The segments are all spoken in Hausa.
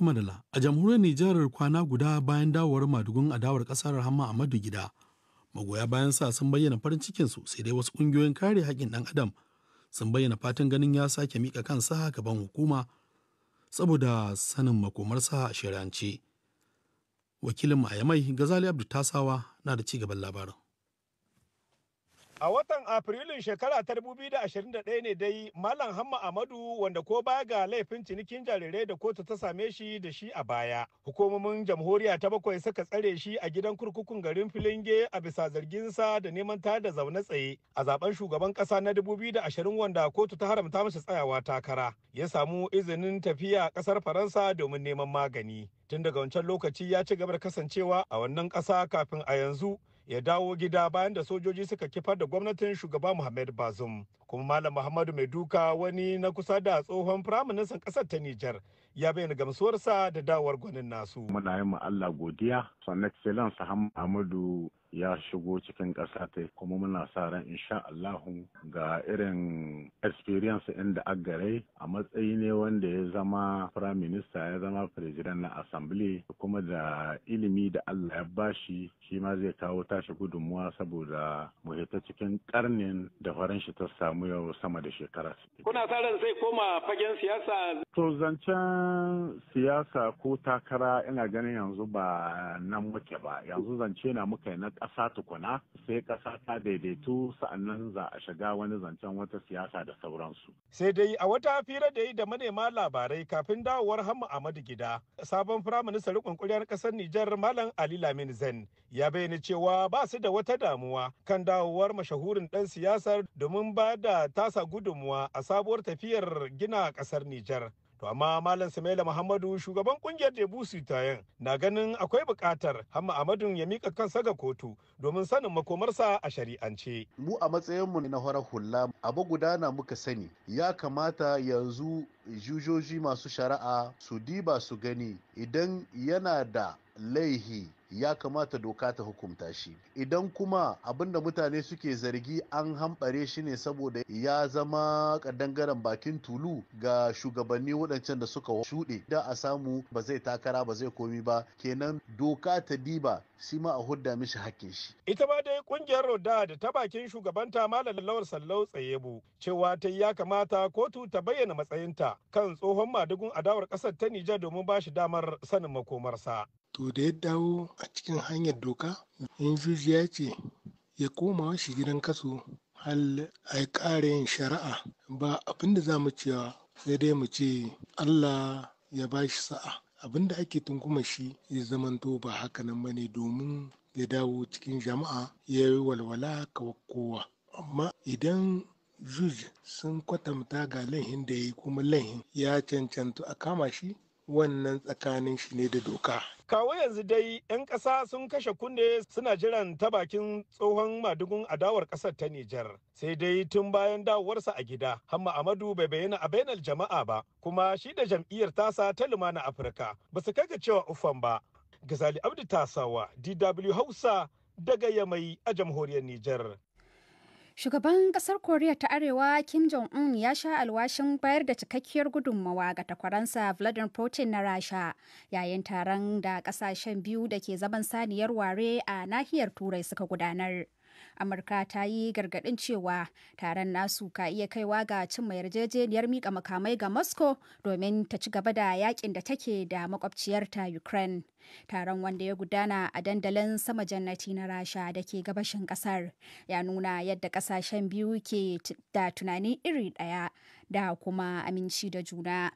kammala a jamhuriyar Nijar kwana guda bayan dawowar madugun adawar kasar Rahama Amadu Gida. Magoya bayan sa sun bayyana farin cikin su sai dai wasu kungiyoyin kare haƙƙin ɗan adam sun bayyana fatan ganin ya sake mika kansa gaban hukuma saboda sanin makomarsa a shari'ance. Wakilin Mayamai Gazali Abdu Tasawa na da ci gaban labarin. A watan Afrilun shekara ta 2021 ne dai Malam Hamma Amadu wanda ko baya ga laifin cinikin jarirai da kotu ta same shi da shi a baya. Hukumomin jamhuriya ta bakwai suka tsare shi a gidan kurkukun garin Filinge a bisa zarginsa da neman ta da zaune tsaye a zaben shugaban kasa na 2020 wanda kotu ta haramta masa tsayawa takara. Ya samu izinin tafiya kasar Faransa domin neman magani. Tun daga wancan lokaci ya ci gaba da kasancewa a wannan kasa kafin a yanzu ya dawo gida bayan da sojoji suka kifar da gwamnatin shugaba Muhammad Bazum. Kuma Malam Muhammadu Mai Duka wani na kusa da tsohon firaministan ƙasar ta Nijar ya bayyana gamsuwarsa da dawar gwanin nasu. Muna yi Allah godiya, sannan excellence Hamadu ya shigo cikin ƙasa ta kuma muna sa ran insha Allahu ga irin experience inda agare a matsayi ne wanda ya zama prime minister ya zama president na assembly kuma da ilimi da Allah ya bashi shi ma zai kawo tashi gudunmuwa saboda mu cikin karnin da faranshi ta samu yau sama da shekara. Kuna sa ran zai koma fagen siyasa To zancen siyasa ko takara ina ganin yanzu ba nan muke ba yanzu zance na muka na ƙasa tukuna sai ƙasa ta daidaitu sa'annan za a shiga wani zancen wata siyasa da sauransu. Sai dai a wata fira da yi da manema labarai kafin dawowar Hamma Ahmadu gida sabon firaminista rikon ƙuryar ƙasar Nijar Malam Ali Lamin Zen ya bayyana cewa ba su da wata damuwa kan dawowar mashahurin ɗan siyasar domin ba da tasa gudunmuwa a sabuwar tafiyar gina ƙasar Nijar. To amma Malam Samaila Muhammadu shugaban kungiyar Debusi tayan na ganin akwai bukatar Hamma amadun ya mika kansa ga kotu domin sanin makomarsa a shari'ance. Mu a matsayinmu na horar hula abu gudana muka sani ya kamata yanzu jujoji masu shari'a su diba su gani idan yana da laihi ya kamata doka ta hukunta shi idan kuma abinda mutane suke zargi an hambare shi ne saboda ya zama kadangaren bakin tulu ga shugabanni waɗancan da suka shuɗe da a samu ba zai takara ba zai komi ba kenan doka ta diba shi ma a hudda mishi hakkin shi ita ma dai kungiyar roda da ta bakin shugabanta malam lawar sallau tsayebu cewa ta ya kamata kotu ta bayyana matsayinta kan tsohon madugun adawar ƙasar ta nijar domin ba shi damar sanin makomarsa to da ya dawo a cikin hanyar doka in ya ce ya koma shi gidan kaso hal a yi yin shari'a ba abin da za mu cewa sai dai mu ce allah ya ba shi sa'a abinda da ake tunkuma shi ya zamanto ba haka nan bane domin ya dawo cikin jama'a ya yi walwala kawai kowa amma idan juj sun kwatanta ga laihin da ya yi kuma laihin ya cancanta a kama shi wannan tsakanin shi ne da doka. Kawo yanzu dai 'yan ƙasa sun kashe kunne suna jiran ta bakin tsohon madugun adawar ƙasar ta Nijar. Sai dai tun bayan dawowarsa a gida, Hamma Amadu bai bayyana a bainar jama'a ba, kuma shi da jam'iyyar tasa ta Lumana Afirka ba su kaga cewa ufan ba. Gazali Abdu Tasawa, DW Hausa, daga Yamai a jamhuriyar Nijar. Shugaban kasar Koriya ta Arewa Kim Jong-un ya sha alwashin bayar da cikakkiyar gudunmawa ga takwaransa Vladimir Putin na Rasha yayin taron da kasashen biyu da ke zaman saniyar ware a nahiyar Turai suka gudanar. amurka ta yi gargadin cewa taron nasu ka iya kaiwa ga cimma yarjejeniyar mika makamai ga moscow domin ta ci gaba da yakin da take da makwabciyarta ukraine taron wanda ya gudana a dandalin sama jannati na rasha da ke gabashin kasar ya nuna yadda kasashen biyu ke da tunani iri ɗaya da kuma aminci da juna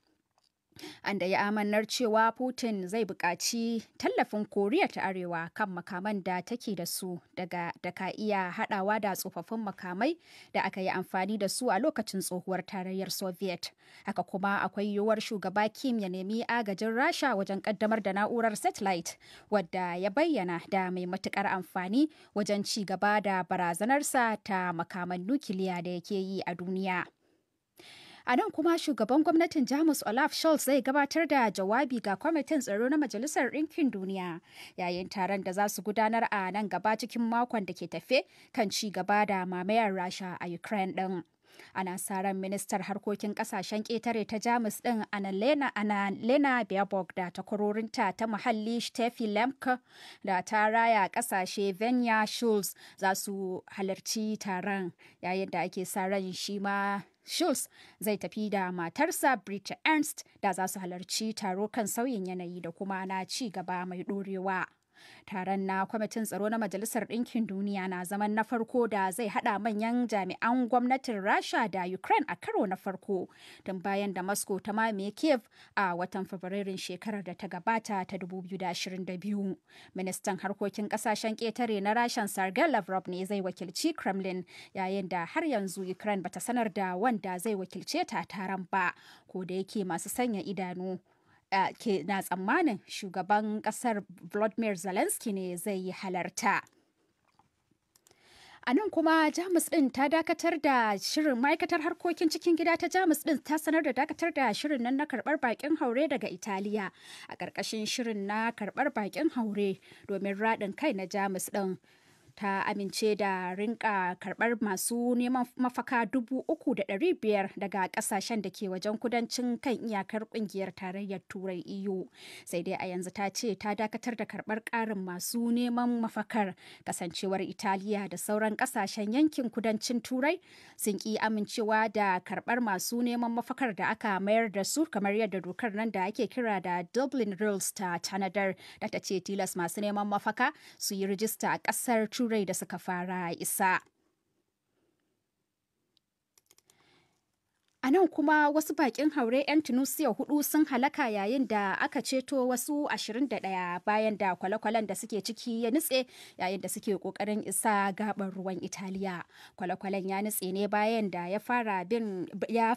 An da ya amannar cewa Putin zai buƙaci tallafin Koriya ta Arewa kan makaman da take da su daga da ka iya haɗawa da tsofaffin makamai da aka yi amfani da su a lokacin tsohuwar tarayyar Soviet. Haka kuma akwai yiwuwar shugaba Kim ya nemi agajin Rasha wajen ƙaddamar da na'urar satellite wadda ya bayyana da mai matuƙar amfani wajen ci gaba da barazanarsa ta makaman nukiliya da yake yi a duniya. A nan kuma shugaban gwamnatin Jamus Olaf Scholz zai gabatar da jawabi ga kwamitin tsaro na Majalisar Ɗinkin Duniya yayin taron da za su gudanar a nan gaba cikin makon da ke tafe kan ci gaba da mamayar Rasha a Ukraine ɗin. ana sa ran ministar harkokin kasashen ƙetare ta jamus ɗin annalena baerbock da takwarorinta ta muhalli steffi lemke da ta raya ƙasashe venya schulz za su halarci taron yayin da ake sa ran shi ma Schulz zai tafi da matarsa Brita Ernst da za su halarci taro kan sauyin yanayi da kuma na ci gaba mai ɗorewa. Taron na kwamitin tsaro na Majalisar Ɗinkin Duniya na zaman na farko da zai haɗa manyan jami'an gwamnatin Rasha da Ukraine a karo na farko tun bayan da Moscow ta mamaye Kiev a watan Fabrairun shekarar da ta gabata ta 2022. Ministan harkokin ƙasashen ketare na Rashan Sergei Lavrov ne zai wakilci Kremlin yayin da har yanzu Ukraine bata sanar da wanda zai wakilce ta taron ba ko da yake masu sanya idanu ke na tsammanin shugaban kasar Vladimir Zelensky ne zai yi halarta. A nan kuma Jamus ɗin ta dakatar da shirin ma'aikatar harkokin cikin gida ta Jamus ɗin ta sanar da dakatar da shirin nan na karɓar bakin haure daga Italiya a ƙarƙashin shirin na karɓar bakin haure domin raɗin kai na Jamus ɗin. ta amince da rinka karbar masu neman mafaka dubu uku da ɗari biyar daga ƙasashen da ke wajen kudancin kan iyakar ƙungiyar tarayyar turai eu sai dai a yanzu ta ce ta dakatar da karbar ƙarin masu neman mafakar kasancewar italiya da sauran ƙasashen yankin kudancin turai sun ƙi amincewa da karbar masu neman mafakar da aka mayar da su kamar yadda dokar nan da ake kira da dublin rules ta tanadar da ta ce tilas masu neman mafaka su yi rijista a ƙasar turai turai da suka fara isa nan kuma wasu bakin haure 'yan tunisia hudu sun halaka yayin da aka ceto wasu 21 bayan da kwale-kwalen da suke ciki ya nutse yayin da suke kokarin isa gabar ruwan italiya kwale-kwalen ya nutse ne bayan da ya fara bin ya,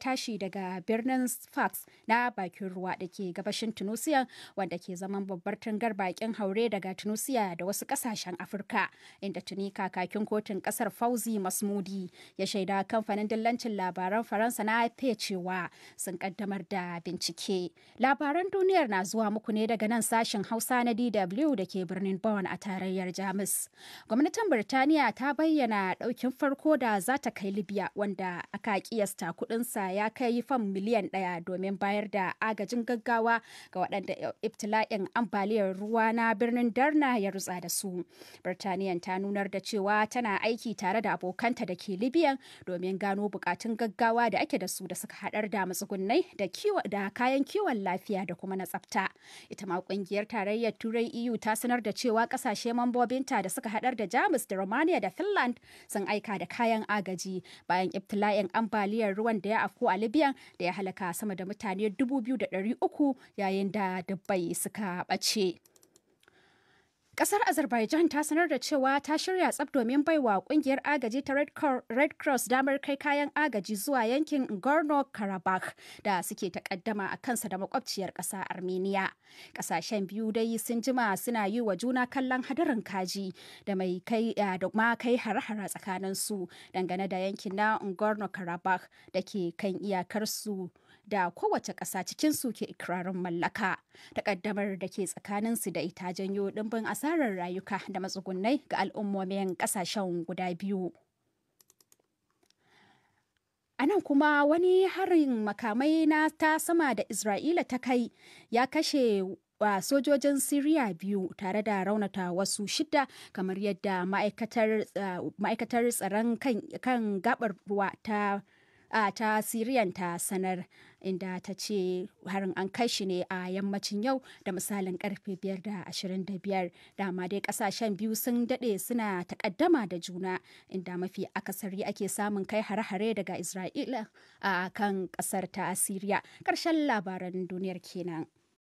tashi daga birnin sfax na bakin ruwa da ke gabashin tunisiya wanda ke zaman babbar tangar bakin haure daga tunisiya da wasu kasashen afirka inda tuni kakakin kotun kasar fauzi masmudi ya shaida kamfanin dillancin labarai labaran Faransa na AFP cewa sun kaddamar da bincike. Labaran duniyar na zuwa muku ne daga nan sashen Hausa na DW da ke birnin bawan a tarayyar Jamus. Gwamnatin Birtaniya ta bayyana daukin farko da za ta kai Libya wanda aka kiyasta sa ya kai fam miliyan daya domin bayar da agajin gaggawa ga waɗanda ibtila'in ambaliyar ruwa na birnin Darna ya rutsa da su. Birtaniyan ta nunar da cewa tana aiki tare da abokanta da ke Libyan domin gano bukatun gaggawa gaggawa da ake da su da suka haɗar da matsugunnai da kayan kiwon lafiya da kuma na tsafta. Ita ma ƙungiyar tarayyar Turai EU ta sanar da cewa ƙasashe mambobinta da suka haɗar da Jamus da Romania da Finland sun aika da kayan agaji bayan ibtila'in ambaliyar ruwan da ya afko a Libya da ya halaka sama da mutane 2,300 yayin da dubbai suka ɓace. Kasar Azerbaijan ta sanar da cewa ta shirya tsab domin baiwa ƙungiyar agaji ta Red Cross damar kai kayan agaji zuwa yankin Gorno-Karabakh da suke takaddama a kansa da makwabciyar ƙasa Armenia. Ƙasashen biyu dai sun jima suna yi wa juna kallon hadarin kaji da mai kai eh, da ma kai hare-hare tsakanin su dangane da yankin na Gorno-Karabakh da ke kan iyakarsu. da kowace ƙasa cikinsu ke ikirarin mallaka. Takaddamar da ke tsakanin su da ita janyo ɗimbin asarar rayuka da matsugunai ga al'ummomin ƙasashen guda biyu. A nan kuma wani harin makamai na ta sama da Isra'ila ta kai ya kashe wa sojojin Siriya biyu tare da raunata wasu shida kamar yadda ma'aikatar eh, tsaron kan gabar ruwa ta a ta siriyan ta sanar inda ta ce harin an kai shi ne a yammacin yau da misalin karfe 5 da 25 dama dai kasashen biyu sun dade suna takaddama da juna inda mafi akasari ake samun kai hare-hare daga isra'ila a kan kasar ta siriya karshen labaran duniyar kenan